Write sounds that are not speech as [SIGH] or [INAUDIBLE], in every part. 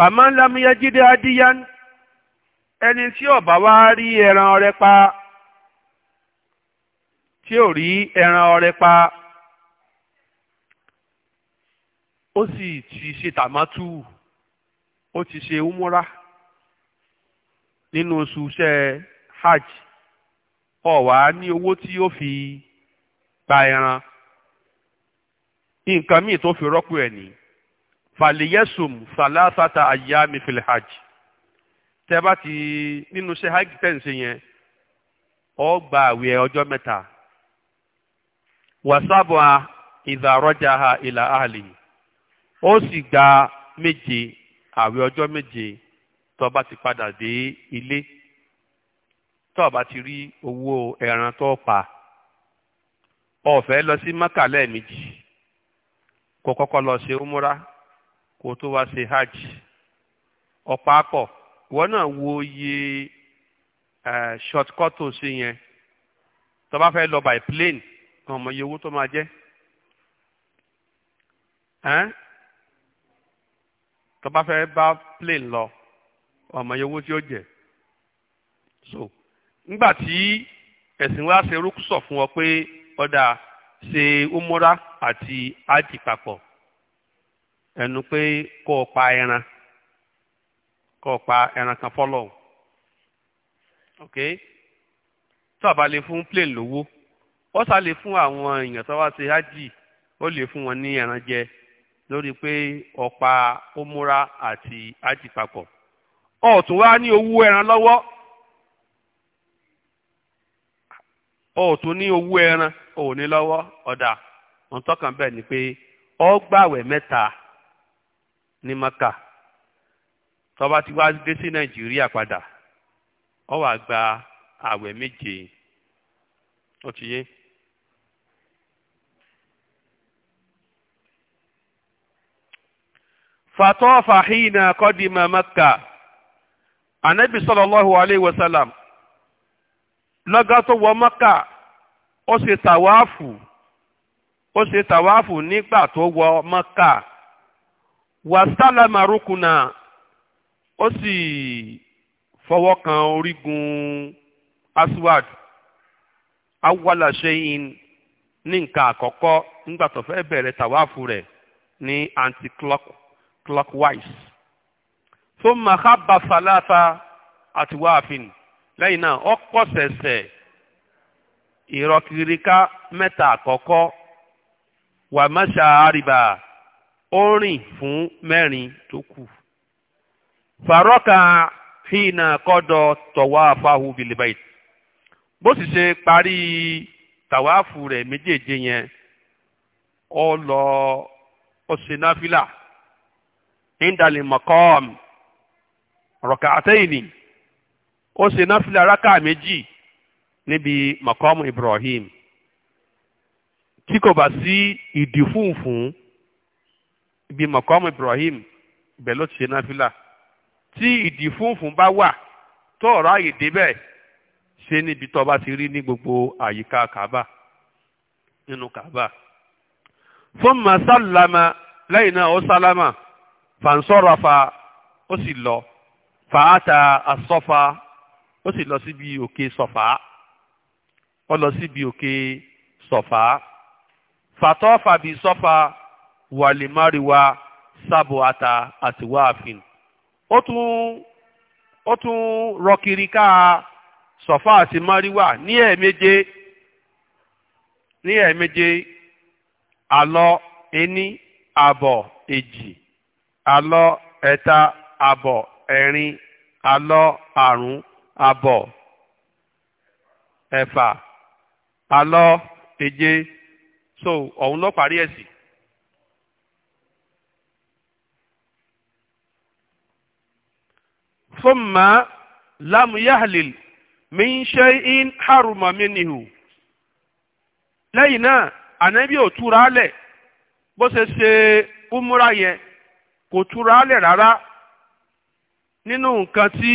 fàmán lámúyá jíde adíyán ẹni tí ọba bá wá rí ẹran ọrẹ pa tí ò rí ẹran ọrẹ pa ó sì ti ṣe tàmátù ó ti ṣe umura nínú oṣù iṣẹ́ hajj ó wá ní owó tí ó fi gba ẹran nǹkan míì tó fi rọ́pò ẹ̀ nìyí. faliyesum salasata ayami filhaj tẹ bá ti nínú iṣẹ́ hajj tẹǹsì yẹn ọ gba àwẹ̀ ọjọ́ mẹ́ta wasabua ìdàrọjàha ìlà àhàlì ó sì gba méje àwẹ̀ ọjọ́ méje tó bá ti padà dé ilé tó bá ti rí owó ẹran tó pa ó fẹ́ lọ sí mọ́kà lẹ́ẹ̀mejì kọ́kọ́ lọ ṣe úmúrà kó tó wá ṣe hajj ọ̀pá akọ̀ ìwọ náà wo iye shortcut tó ṣe yẹn tó bá fẹ́ lọ by plane kan mọ iye owó tó máa jẹ́ tó bá fẹ́ bá plane lọ ọmọ iye owó tí ó jẹ́ so nígbà tí ẹ̀sìn wa ṣe rúkúsọ̀ fún ọ pé ọ̀dà ṣe umura àti ájì papọ̀ ẹnu pé kó o pa ẹran kó o pa ẹran kan fọlọ ok tó a bá lè fún plane lówó ó sá lè fún àwọn èèyàn tó wá ṣe hajj ó lè fún wọn ní ẹran jẹ lórí pé ọ̀pá omura àti hajj papọ̀ ọ̀tún wá ní owó ẹran lọ́wọ́ ọ̀tún ní owó ẹran òní lọ́wọ́ ọ̀dà òǹtọ́kàn bẹ́ẹ̀ ni pé ọ gbàwẹ̀ ní maka tọba bá ti wá dé sí nàìjíríà padà ọ wá gba ààwẹ̀ méje ó ti yé. na hìnà kọ́dìmọ̀ maka anabi sallallahu alayhi wa salam lọ́gá wọ maka ó ṣe tàwáàfù ó ṣe tàwáàfù nígbà tó wọ maka. wàsálàmà rúkùnà ó sì fọwọ́ kan orígun aswad awala ṣẹ́yìn ní nǹkan àkọ́kọ́ nígbà tó fẹ́ bẹ̀rẹ̀ tàwáàfù rẹ̀ ní anti-clockwise. tó mahaba falata àti wáàfin lẹ́yìn náà ó kọ́ sẹ̀sẹ̀ mẹ́ta àkọ́kọ́ wàmáṣá àríbà. orin fún mẹ́rin tó kù. fàrọ́kà hìnà kọ́dọ̀ tọ̀wá fáhu bilibait bó sì ṣe parí tàwáàfù rẹ̀ méjèèje yẹn ó lọ ó ṣe náfìlà indali makom rọ̀kà àtẹ́yìnì ó ṣe náfìlà rákà méjì níbi Ibrahim tí kò bá sí ìdí fúnfún ibi mọ̀kọ́mù Ibrahim ibẹ̀ ló ti ṣe náfìlà tí ìdí funfun bá wà tó ọ̀rọ̀ àyè débẹ̀ ṣe níbi tó bá ti rí ní gbogbo àyíká Kaaba nínú Kaaba fún masalama lẹ́yìn náà ó sálámà fansọ́rọ̀fà ó sì lọ fàáta asọ́fà ó sì lọ síbi òkè sọ̀fà ó lọ síbi òkè sọ̀fà fàtọ́fà bíi sọ́fà wàlímáríwá sábòata àti wáàfin. ó tún ó tún rọ kiri ká sọ̀fà àti máríwá ní ẹ̀ẹ̀méje ní ẹ̀ẹ̀méje àlọ ení àbọ̀ èjì àlọ ẹ̀ta àbọ̀ ẹ̀rin àlọ àrún àbọ̀ ẹ̀fà àlọ èje so ọ̀hún ló parí ẹ̀ thumma lam yahlil min shay'in haruma minhu lẹ́yìn náà ànábì ò túra lẹ̀ bó ṣe ṣe umura yẹn kò túra lẹ̀ rárá nínú nǹkan tí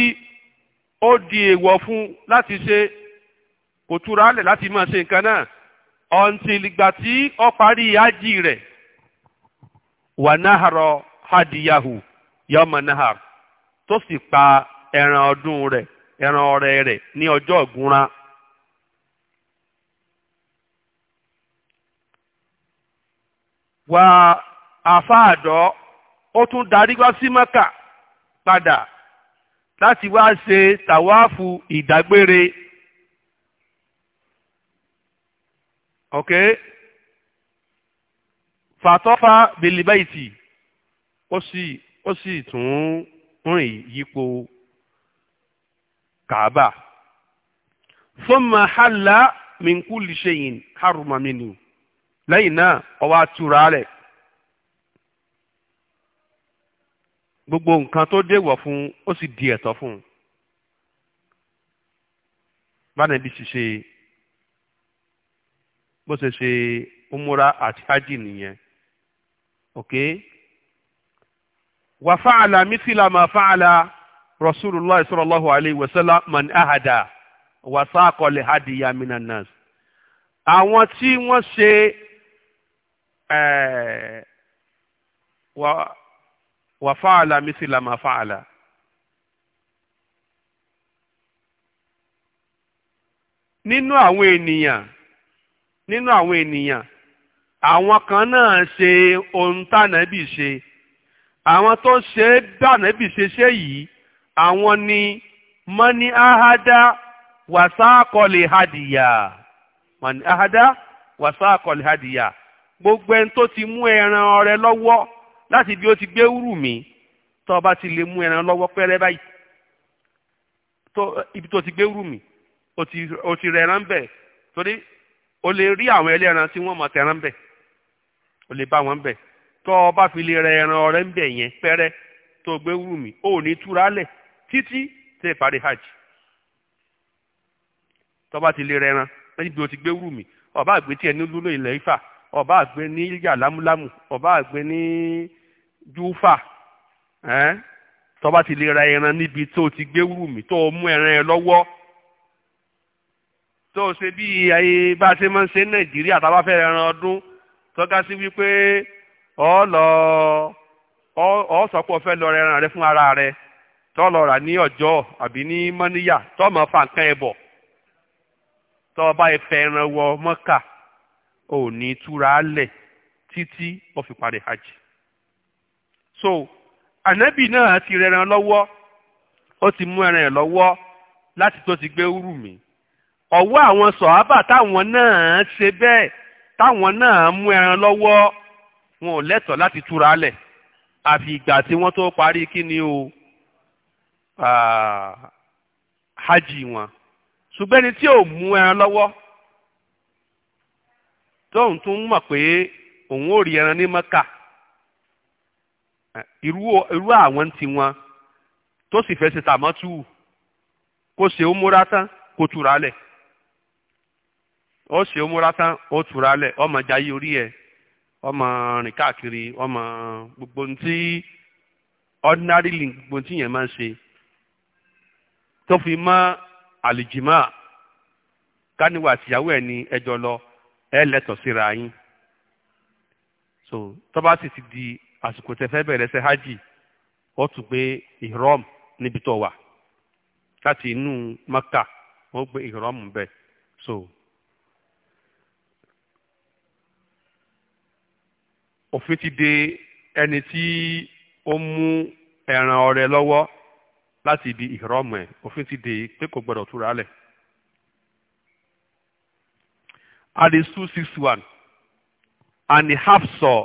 ó di èèwọ̀ fún láti ṣe kò túra lẹ̀ láti máa ṣe nǹkan náà until ìgbà tí ó parí ájì rẹ̀ wà náhàrọ̀ hadiyahu yọmọ náhàrọ̀ tó sì pa ẹran ọdún rẹ ẹran ọrẹ rẹ ní ọjọ́ ìgúnra. wà àfáàdọ́ ó tún darí wá sí Mẹ́kà padà láti wá ṣe tàwáàfù ìdágbére. ok fàtọ́fà bèlìbẹ́ìtì ó sì ó sì tún rìn yípo kàábà fọ́nmà hàlá mìkú lìṣẹ̀yìn hàrùmàmínú lẹ́yìn náà ó wá túra rẹ̀ gbogbo nǹkan tó déwọ̀ fún ó sì di ẹ̀tọ́ fún un bánàbí sì ṣe bó ṣe ṣe umura àti hajj nìyẹn okay وفعل مثل ما فعل رسول الله صلى الله عليه وسلم من ahada وساق saqa li hadiya minan nas. àwọn tí wọ́n ṣe eh, wa fa'ala mithla ma fa'ala. nínú àwọn ènìyàn nínú àwọn ènìyàn àwọn kan náà ṣe ohun tánàbì ṣe àwọn tó ṣe é dànẹ́bì ṣe ṣe yìí àwọn ni mani ahada wasaakọ̀lì hadiya mani ahada wasaakọ̀lì hadiya gbogbo ẹni tó ti mú ẹran ọrẹ lọ́wọ́ láti bí ó ti gbé wúrù mi tó o bá ti lè mú ẹran lọ́wọ́ pẹ́rẹ́ báyìí tó ibi tó ti gbé wúrù mi o ti rẹ̀ ẹran bẹ̀ torí o lè rí àwọn ẹlẹ́ran tí wọ́n mọ̀ tẹ̀ran bẹ̀ o lè bá wọn bẹ̀ tọ́ ọ bá fi lè ra ẹran ọ̀rẹ́ ń bẹ̀ yẹn pẹ́rẹ́ tó gbé wù mí ò ní túra lẹ̀ títí tẹ́ parí hajj tọ́ bá ti lè ra ẹran lẹ́yìn bí o ti gbé wù mí ọba àgbé tiẹ̀ ní lúlò ilẹ̀ ifá ọba àgbé ní yà lámúlámù ọba àgbé ní júfà tọ́ bá ti lè ra ẹran níbi tó ti gbé wù mí tó mú ẹran ẹ lọ́wọ́ tó ṣe bí ayé bá ṣe máa ń ṣe nàìjíríà tá a bá fẹ́ ẹran ọdún tọ́ka sí wípé. ọ lọ ọ sọ pé o fẹ́ lọ rẹran rẹ fún ara rẹ tọ́ lọ rà ní ọjọ́ àbí ní mọ́níyà tọ́ mọ́ fa nǹkan ẹ̀ bọ̀ tọ́ bá ẹ̀fẹ̀ ẹran wọ mọ́kà ò ní túra lẹ̀ títí ó fi hajj. so ànábì náà ti rẹran lọ́wọ́ ó ti mú ẹran ẹ̀ lọ́wọ́ láti tó ti gbé wúrù mi ọ̀wọ́ àwọn sọ̀hábà táwọn náà ṣe bẹ́ẹ̀ táwọn náà mú ẹran lọ́wọ́ wọn ò lẹ́tọ̀ọ́ láti túra lẹ̀ àfi ìgbà tí wọ́n tó parí kí ni o hajj wọn ṣùgbọ́n ẹni tí ò mú ẹran lọ́wọ́ tóun tún mọ̀ pé òun ò rí ẹran ní mọ́kà irú àwọn ti wọn tó sì fẹ́ ṣe tàmọ́tù kó ṣe ó múra tán kó túra lẹ̀ ó ṣe ó múra tán ó túra lẹ̀ ọmọ jayé orí ẹ̀ ọmọ rìn káàkiri ọmọ gbogbo ntí ordinary link gbogbo ntí yẹn máa ń ṣe tó fi mọ́ àlìjìmá káníwá àtìyàwó ẹ̀ ní ẹjọ́ lọ ẹ lẹ́tọ̀ọ́ síra yín so tó bá sì ti di àsìkò tẹ fẹ́ bẹ̀rẹ̀ ṣe hajj ó tún gbé ihrom níbi tó wà láti inú Maka wọ́n gbé ihrom bẹ́ẹ̀ so. òfin ti de ẹni tí ó mú ẹran ọrẹ di ìrọ́mù ẹ̀ òfin ti de pé kò gbọdọ̀ túra lẹ̀. six one ani Hafsa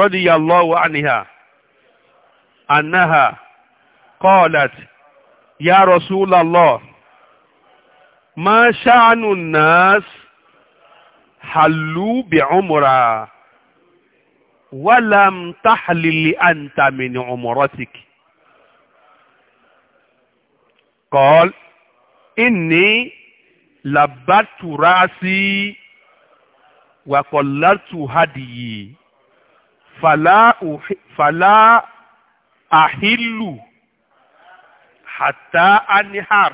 radiyallahu anha Anaha qalat ya Rasulallah ma sha'anu an-nas hallu bi wàlám táhàlìlì àǹtàmì ní ọmọrọ́tìkì. kọ́l ìní làbátúrásí wàkọ̀látù hádìyì fàlá àhílù hàtà anihar.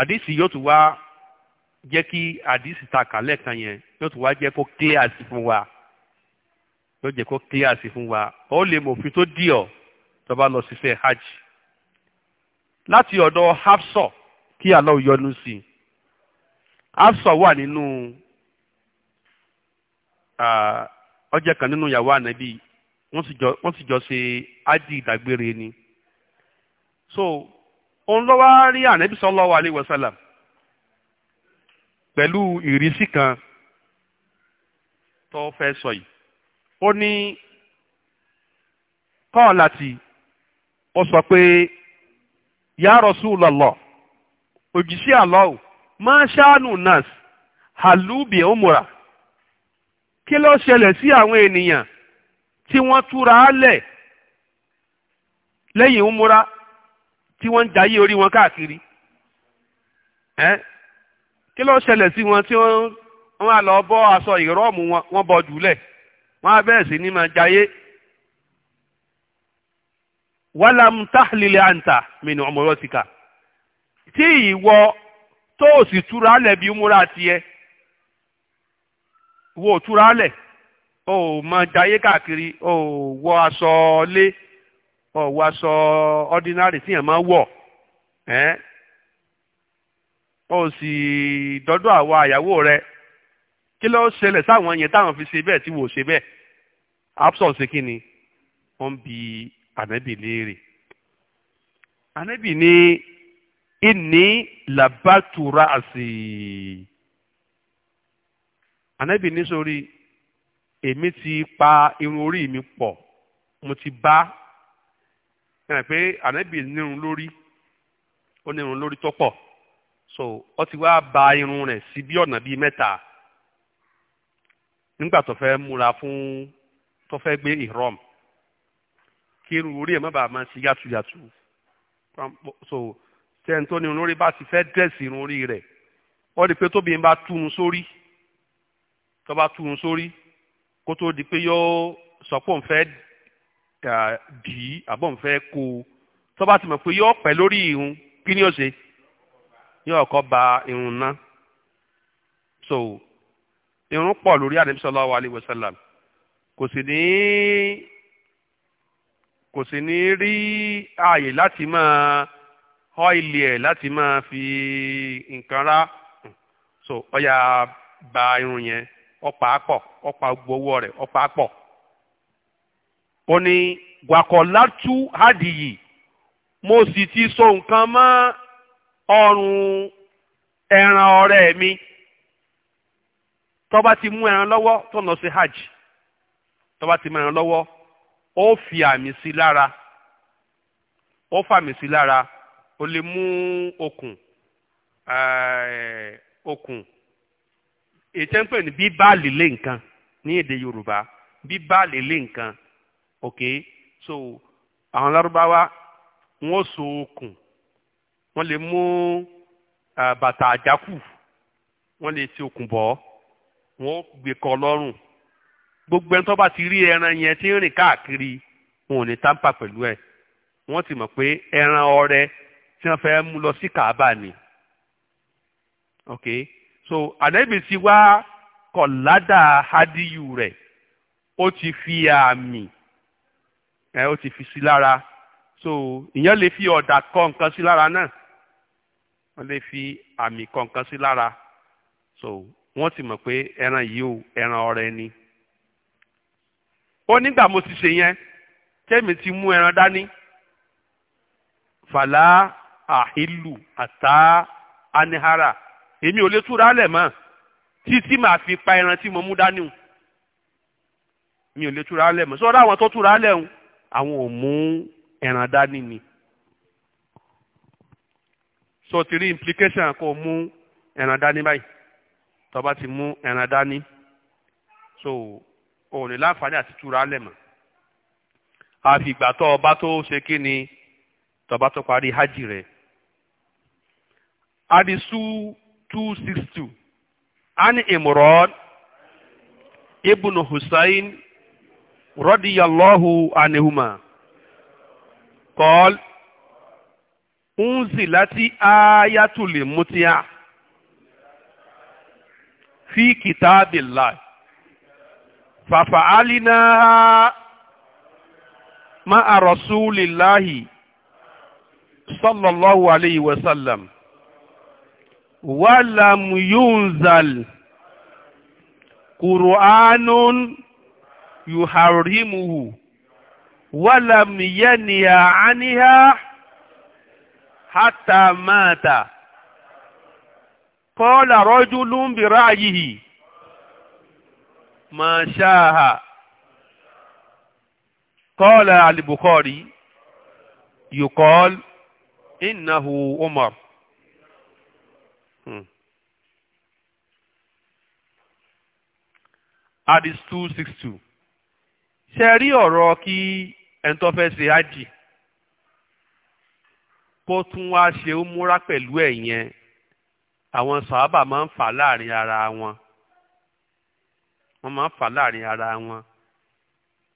àdìsí yóò tún wá. jẹ́ kí àdìsí ta kàlẹ́ kan yẹn yóò tún wá jẹ́ kó clear sí fún wa yóò jẹ́ kó clear sí fún wa ó lè mọ̀fin tó dì ọ́ tó bá lọ ṣiṣẹ́ hajj láti ọ̀dọ̀ Hafsa kí Allah yọnu sí i wà nínú ọjọ́ kan nínú yàwó ànábì wọ́n sì jọ ṣe ájì ìdágbére ni so òun lọ́wọ́ wá rí ànábì sallallahu alaihi wasallam. pẹ̀lú ìrísí kan tó fẹ́ sọ yìí ó ní kọ́ọ̀láti ó sọ pé ya Rasulullah òjìṣẹ́ àlọ́ọ̀ máa ṣáánù nas halubi umura kí ló ṣẹlẹ̀ sí àwọn ènìyàn tí wọ́n túra lẹ̀ lẹ́yìn umura tí wọ́n ń jayé orí wọn káàkiri. Eh? kí ló ṣẹlẹ̀ sí wọn tí wọ́n wá lọ bọ́ aṣọ ìrọ́ọ̀mù wọn wọ́n bọ́ jùlẹ̀ wọ́n á bẹ̀rẹ̀ sí ní máa jayé. wàlámù táhlilẹ̀ àǹtà mìíràn ọmọlọ́tìkà tí ìwọ tó o sì túra lẹ̀ bí múra tiẹ̀ wo túra lẹ̀ o ò máa jayé káàkiri o ò wọ aṣọ lé o ò wọ aṣọ ordinary tíyẹn máa wọ̀ ẹ́. Eh? o sì dọ́dọ̀ àwa àyàwó rẹ kí ló ṣẹlẹ̀ sáwọn yẹn táwọn fi ṣe bẹ́ẹ̀ tí wò ṣe bẹ́ẹ̀ absor ṣe kí ni wọ́n bi ànábì léèrè ànábì ní ìní làbátúrà àṣì ànábì ní sórí èmi ti pa irun orí mi pọ̀ mo ti bá ẹ̀ pé ànábì nírun lórí ó nírun lórí tó pọ̀ so ó ti wá ba irun rẹ̀ sí bí ọ̀nà bíi mẹ́ta nígbà tó fẹ́ múra fún tó fẹ́ gbé ìrọ́m kí irun orí ẹ̀ má bàa máa ṣe yàtúyàtú so tẹ́ni tó ní irun orí bá ti fẹ́ dẹ́sì irun orí rẹ̀ ó di pé tóbi ń bá túnu sórí tó bá túnu sórí kó tó di pé yóò sọ pé òun fẹ́ dì í àbọ̀ òun fẹ́ kó o tó bá ti mọ̀ pé yóò pẹ́ lórí irun kí ni ó ṣe yóò kọ́ ba irun ná so irun pọ̀ lórí ànábì sallallahu alaihi wasallam kò sì ní kò sì ní rí ààyè láti máa ọ́ìlì ẹ̀ láti máa fi nǹkan rá so ọ̀yà ba irun yẹn ọ̀pá pọ̀ ọ̀pá gbowó rẹ̀ ọ̀pá pọ̀ ó ní gwakọ̀ látú hádìyì mo sì ti so nǹkan mọ́ ọrùn ẹran ọ̀rẹ́ mi tó ti mú ẹran lọ́wọ́ tó lọ sí hajj tó ti mú ẹran lọ́wọ́ ó fi àmì sí lára ó fàmì sí lára ó lè mú okùn eh, okùn ètò ń pè ní bí báàlì lé nǹkan ní èdè Yorùbá bí báàlì lé nǹkan ok so àwọn Lárúbáwá wọn ó okùn wọ́n lè mú bàtà àjákù wọ́n lè ti okùn bọ́ wọ́n gbé kọ́ lọ́rùn gbogbo ẹni tó bá ti rí ẹran yẹn tí ń rìn káàkiri wọn ò ní táǹpà pẹ̀lú ẹ̀ wọ́n ti mọ̀ pé ẹran ọrẹ tí wọ́n fẹ́ mú lọ sí kàábà ni ok so ànábì ti wá kọ̀ ládà hádìyù rẹ̀ ó ti fi àmì ẹ̀ ó ti fi sí lára so ìyẹn lè fi ọ̀dà kọ nǹkan sí lára náà wọ́n lè fi àmì kọ̀ọ̀kan sí lára so wọ́n ti mọ̀ pé ẹran yìí o ẹran ọrẹ ni. ó nígbà mo ti ṣe yẹn tẹ́mi ti mú ẹran dání fàlà àhílù àtà anihara èmi ò lè túra lẹ̀ mọ́ títí màá fi pa ẹran tí mo mú dání o mi ò lè túra lẹ̀ mọ́ sọ́dọ̀ àwọn tó túra lẹ̀ o àwọn ò mú ẹran dání ni so ti rí implication kó mú ẹran dání báyìí tó bá ti mú ẹran dání so o lè láǹfààní àti túra lẹ̀ mọ́ àfi ìgbà tó bá tó ṣe kí ni tó tó parí hajj rẹ̀ adisu two six two ani imran ibn hussein radiyallahu anihuma qala unzi láti ayatulè mutia fi kitabillah fàfà alina ma a rasulillahi sallallahu alayhi wa sallam walam yunzal qur'anun yuharrimuhu walam yaniya aniha hatta mata qala rajulun bi ra'yihi ma shaha qala al-Bukhari yuqal innahu Umar hmm. hadith two six two ṣe rí ọ̀rọ̀ kí ẹni tó fẹ́ kó tún wá ṣe ó múra pẹ̀lú ẹ̀ yẹn àwọn sàábà máa ń fà láàrin ara wọn wọ́n máa ń fà láàrin ara wọn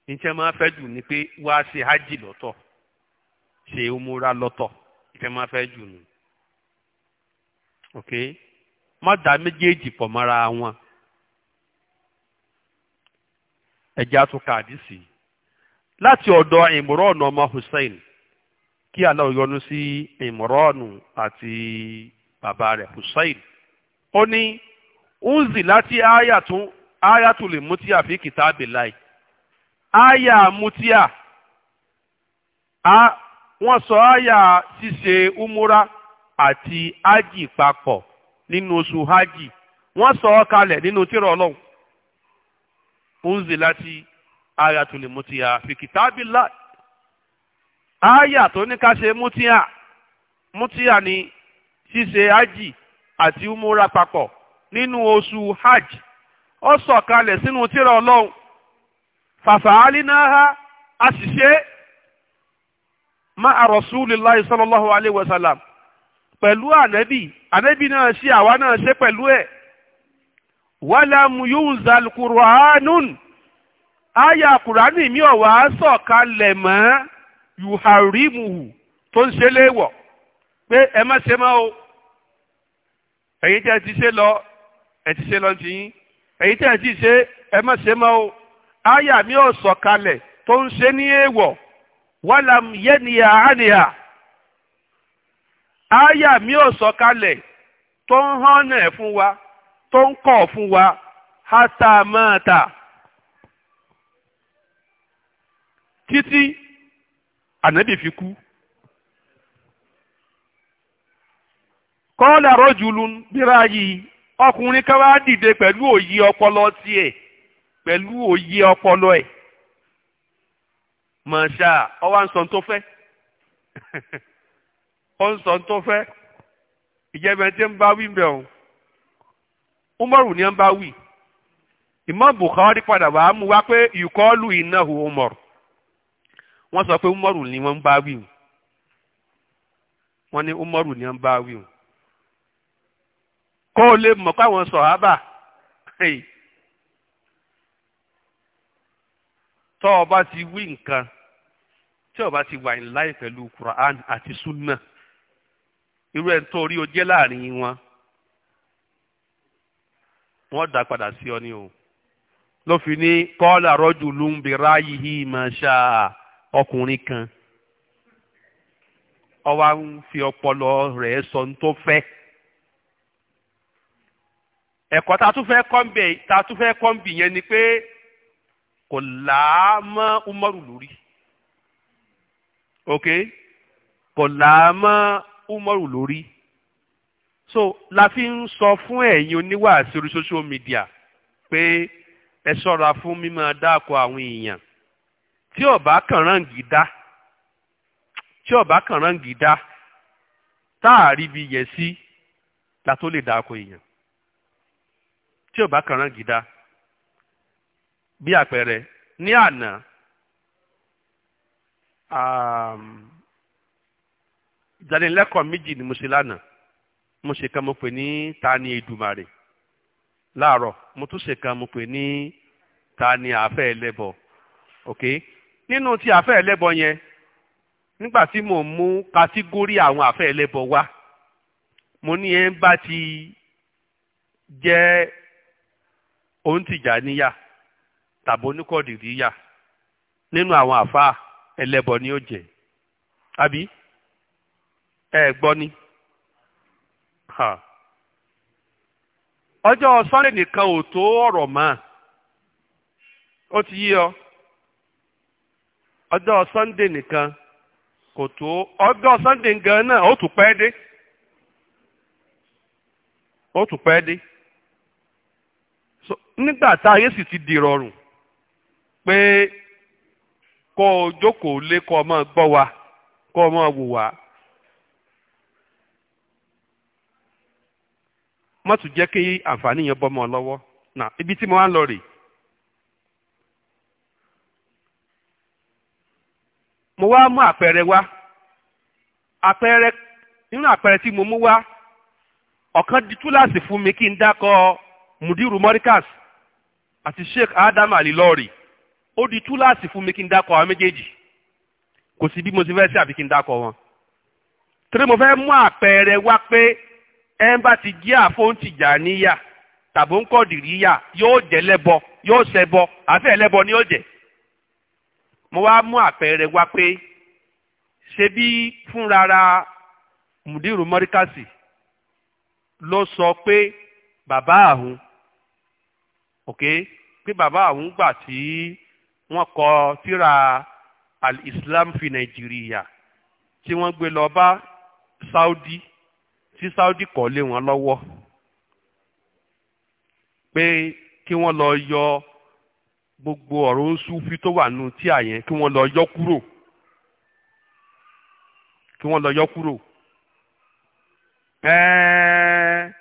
níṣẹ́ máa fẹ́ jù ni pé wá ṣe hajj lọ́tọ̀ ṣe ó múra lọ́tọ̀ níṣẹ́ máa fẹ́ jù nù ok má méjèèjì pọ̀ mọ́ra wọn ẹ̀jẹ̀ láti ọ̀dọ̀ ìmúrọ̀ kí Allah yọ́nú sí ìmọ̀rọ́ọ̀nù àti bàbá rẹ̀ hussein ó ní unzi láti ayatu lè mutia fi kitabillahi aya mutia wọ́n sọ aya ṣíṣe umura àti hajj papọ̀ nínú oṣù hajj wọ́n sọ ọ́ kalẹ̀ nínú tírà ọlọ́run unzi láti ayatu lè mutia fi kitabillahi. ááyà tó ní ká ṣe mutiya ni ṣíṣe ájì àti umura papọ̀ nínú oṣù hajj ó sọ̀kalẹ̀ sínú tírà ọlọ́run fàfàálí náà ha a sì ṣe ma'a rasulillahi sallallahu alayhi wa pẹ̀lú ànábì ànábì náà ṣe àwa náà ṣe pẹ̀lú ẹ̀ wàlámù yunzal kùránì mi ò wá sọ̀kalẹ̀ yuharimuhu tó ń ṣe léèwọ̀ pé ẹ má ṣe má o ẹ̀yin tí a ti ṣe lọ ẹ ti ṣe lọ ti yín ẹ̀yin tí a ti ṣe ẹ má ṣe má o àyà mi ò sọ̀kalẹ̀ tó ń ṣe ní èèwọ̀ wàlàm yẹ́nìyà àníyà àyà mi ò sọ̀kalẹ̀ tó ń hàn ẹ̀ fún wa tó ń kọ̀ fún wa hátámáta títí ànábì fi kú. kọ́lá rọ́jùlù bíra yìí ọkùnrin ká wá dìde pẹ̀lú òye ọpọlọ tiẹ̀ pẹ̀lú òye ọpọlọ ẹ̀ mọ̀ṣá ọwọ́ ń sọ tó fẹ́ [LAUGHS] ó ń sọ tó fẹ́ ìjẹ́bẹ̀ tí ń bá wí bẹ̀ ọ̀hún Umaru ni ń bá wí Imam Bukhari padà wàá mú wá pé ìkọlù ìnáhù Umaru wọ́n sọ pé umaru ni wọ́n ń bá wí wọ́n ní umaru ni wọ́n ń bá wí o kó o lè mọ̀ pé àwọn sọ̀hábà tọ́ ọ bá ti wí nǹkan tí o bá ti wà ní láì pẹ̀lú Quran àti sunna irú ẹ̀ tó rí o jẹ́ láàrin wọn wọ́n dá padà sí ọ ní o ló ní kọ́lá rọ́jù ló ń bi ráyìí máa ṣáà ọkùnrin kan ó wá ń fi ọpọlọ rẹ̀ sọ ní tó fẹ́ ẹ̀kọ́ ta tún fẹ́ kọ́ńbì ta tún fẹ́ kọ́ńbì yẹn ni pé kò láá mọ́ Umaru lórí ok kò láá mọ́ Umaru lórí so la fi ń sọ fún ẹ̀yin oníwàásí orí social media pé ẹ ṣọ́ra fún mímọ́ dáàkọ àwọn èèyàn tí ọba kàn ráǹgì dá tí ọba kàn ráǹgì dá táàrí bi la tó lè dá akọ èèyàn tí ọba kàn ráǹgì dá bí àpẹẹrẹ ní àná um, ìdánilẹ́kọ̀ọ́ méjì ni mo ṣe lánàá mo ṣe kan mo pè ní ta ni Èdùmàrè láàárọ̀ mo tún ṣe kan mo pè ní ta ni àáfẹ́ ẹlẹ́bọ ok nínú ti àfẹ́ ẹlẹ́bọ yẹn nígbà tí mò ń mú kátígórì àwọn àfẹ́ ẹlẹ́bọ wá mo ní ẹ ń bá ti jẹ́ òun tìjà níyà tàbí oníkọ̀dìríyà nínú àwọn àfa ẹlẹ́bọ ni ó jẹ́ àbí ẹ gbọ́ ni ọjọ́ sọ́lẹ̀ nìkan ò tó ọ̀rọ̀ mọ́ ó ti yí ọ. ọjọ́ sunday nìkan kò tó ọjọ́ sunday gan náà ó tún pẹ́ dé ó tún pẹ́ dé so nígbà tá ayé sì ti di rọrùn pé kó o jókòó lé kó o máa gbọ́ wa kó o máa wò wá. má jẹ́ kí àǹfààní yẹn bọ́ mọ́ ọ lọ́wọ́ ibi tí mo wá ń lọ rèé. mo wá mú àpẹẹrẹ wá àpẹẹrẹ nínú àpẹẹrẹ tí mo mú wá ọ̀kan di túláàsì fún mi mudiru morikas àti sheikh adam alilori ó di túláàsì fún mi kí n dákọ àwọn méjèèjì kò sí bí mo ti fẹ́ sí àbí kí n dákọ wọn ti jí níyà ń kọ́ yóò jẹ́ lẹ́bọ yóò àfẹ́ lẹ́bọ mo wá mú àpẹẹrẹ wá pé ṣe bí fúnrara mùdírù mọ́ríkàsì ló sọ pé bàbá àhún ok pé bàbá àhún gbà tí wọ́n kọ tírà al-islam fi nàìjíríà tí wọ́n gbé lọ bá saudi tí saudi kọ́ lé wọn lọ́wọ́ pé kí wọ́n lọ yọ gbogbo ọ̀rọ̀ sufi tó wà nù tíà yẹn kí wọ́n lọ yọ kúrò kí wọ́n lọ yọ kúrò ẹ̀ẹ́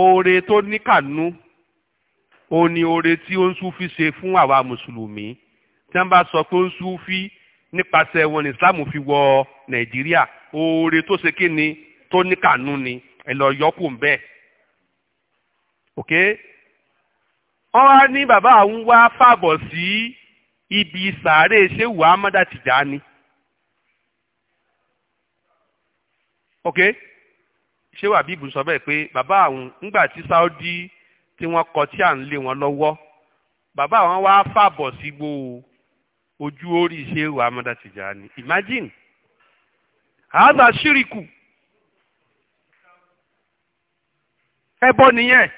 oore tó níkànú o ní oore tí ó ń sufi ṣe fún àwa mùsùlùmí tí wọ́n bá sọ pé ó ń sufi nípasẹ̀ wọn ní islam fi wọ nàìjíríà oore tó ṣe kí ni tó níkànú ni ẹ lọ yọ kù ń bẹ́ẹ̀ okay wọ́n wá ní bàbá àwọn wá fàbọ̀ sí ibi sàárè ṣéwù amádà Tìjàní. ok ṣéwù àbíbù sọ bẹ́ẹ̀ pé bàbá àwọn ńgbà tí Saudi tí wọ́n kọ tí à ń lé wọn lọ́wọ́ bàbá àwọn wá fàbọ̀ sí gbòó ojú orí ṣéwù amádà Tìjàní imagine àádà ṣíríkù ẹbọ nìyẹn.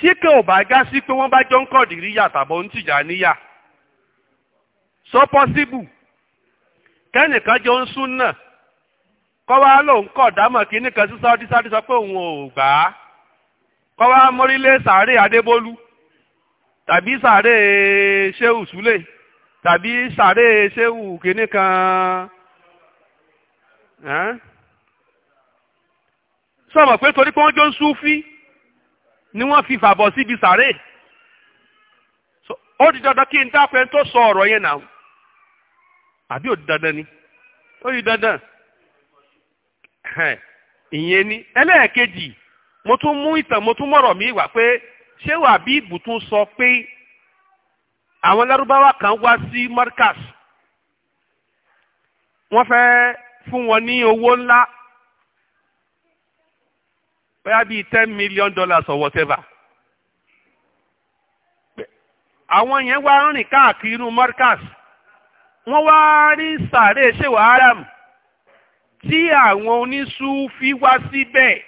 tí kan ò bá gá sí pé wọ́n bá jọ ń kọ̀ dìrí yà tàbọ̀ ń tìjà níyà sọ pọ́síbù kẹ́nìkan jọ ń sún náà kọ́ wá lòun kọ̀ dámọ̀ kínní kan sí sáwọ́dí sáwọ́dí sọ pé òun ò gbà á kọ́ wá mórílẹ̀ sàárè adébólú tàbí sàárè ṣéwù súlè tàbí sàárè ṣéwù kínní kan sọ̀rọ̀ pé torí pé wọ́n jọ ń súnfí ni wọ́n fi fàbọ̀ síbi sàárè ó di dandan kí n dápẹ́ tó sọ ọ̀rọ̀ yẹn náà àbí ó di dandan ni ó di dandan ìyẹn ni ẹlẹ́ẹ̀kejì mo tún mú ìtàn mo tún mọ̀rọ̀ mi wá pé ṣé wà bí ibùtún sọ pé àwọn lárúbáwá kan wá sí markas wọ́n fẹ́ fún wọn ní owó ńlá bóyá bíi ten million dollars or whatever. àwọn yẹn wá rìn káàkiri inú markaz wọ́n wá rí sàárè ṣèwà haram tí àwọn oníṣú fi wá síbẹ̀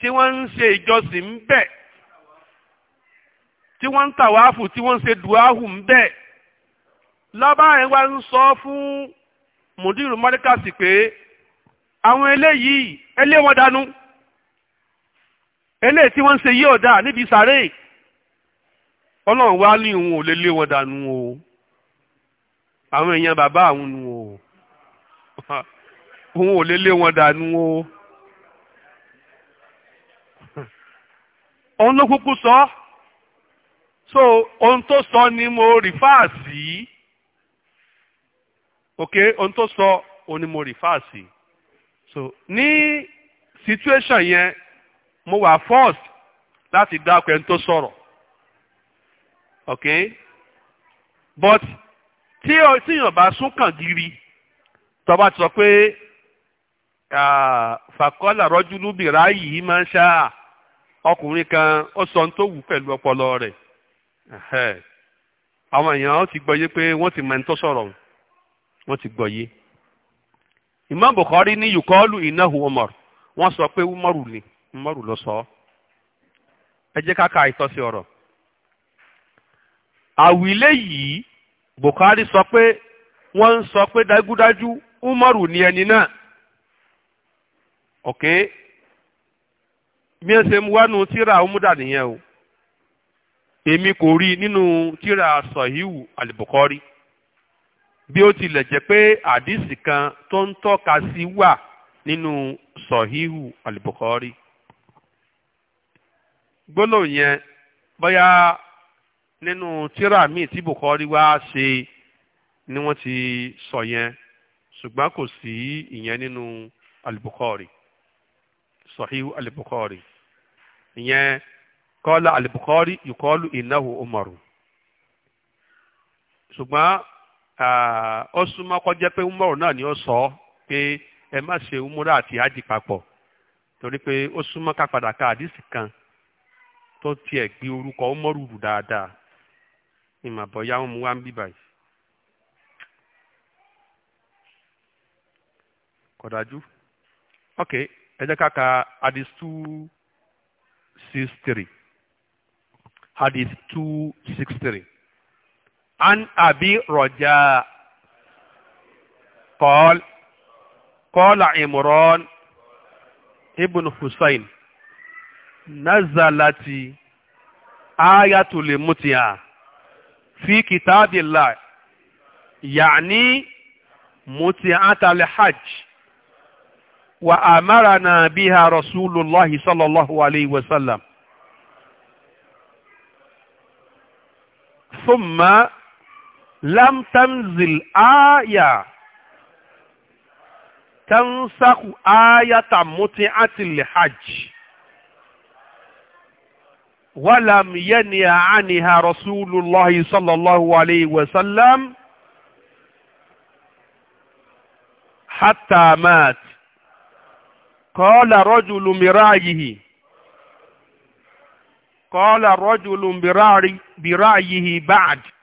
tí wọ́n ń ṣe ìjọsìn ń tí wọ́n ń tàwáàfù tí wọ́n ń ṣe dùáhù ń lọ́ba yẹn wá ń sọ fún mùdírù markaz pé àwọn eléyìí ẹlẹ́wọ̀n dànù eléyìí tí wọ́n ń ṣe yí ọ̀dà níbi sàárè ọlọ́run wá ní òun ò lè lé wọn dànù o àwọn èèyàn bàbá àwọn nù o [LAUGHS] òun ò lè lé wọn dànù o [LAUGHS] òun ló kúkú sọ so ohun tó sọ ni mo rìfáà sí ok ohun tó sọ òun ni mo rìfáà so ní situation yẹn mo wà forced láti dákọ̀ ẹni tó sọ̀rọ̀ ok but tí tíyàn bá sún kàn gírí tó bá ti sọ pé fàkọ́là rọ́jú lúbìrá yìí máa ń ṣá ọkùnrin kan ó sọ ohun tó wù pẹ̀lú ọpọlọ rẹ̀ àwọn èèyàn ti gbọ́yé pé wọ́n ti mọ ẹni tó sọ̀rọ̀ wọ́n ti gbọ́yé Imam Bukhari ní yukọ́lù ináhu Umar wọ́n sọ pé Umaru ni mọ́rù ló sọ ẹ jẹ́ ká ka ìtọ́sí ọ̀rọ̀ àwílé yìí Bukhari sọ pe wọn ń sọ pé dájúdájú Umaru ni ẹni náà ok bí ẹ ṣe mu wánu tíra umuda nìyẹn o èmi kò rí nínú tíra Sahihu al-Bukhari bí ó tilẹ̀ jẹ́ pé àdìsí kan tó ń tọ́ka sí wà nínú Sahihu al gbólóhùn yẹn bóyá nínú tírà míì tí Bukhari wá ṣe ni wọ́n ti sọ yẹn ṣùgbọ́n kò sí ìyẹn nínú al-Bukhari Sahih al-Bukhari ìyẹn kọ́lá al-Bukhari yukọ́lù innahu Umaru ṣùgbọ́n ó súnmọ́ kó jẹ́ pé Umaru náà ni ó sọ pé ẹ má ṣe umura àti hajj torí pé ó súnmọ́ ká padà ka àdìsí kan tó tiẹ̀ gbé orúkọ ọmọrù rù dáadáa ìmọ̀ àbọ̀yá wọn mú wá ń bí báyìí. kọ̀dájú ok ẹ jẹ́ ká ka hadith two six three hadith two six three an abi rọjà kọ́ọ̀lá imran ibn hussein. آية ayatul في كتاب الله يعني متعة الحج وأمرنا بها رسول الله صلى الله عليه وسلم ثم لم تنزل آية تنسخ آية متعة الحج ولم ينه عنها رسول الله صلى الله عليه وسلم حتى مات قال رجل برأيه قال رجل برايه بعد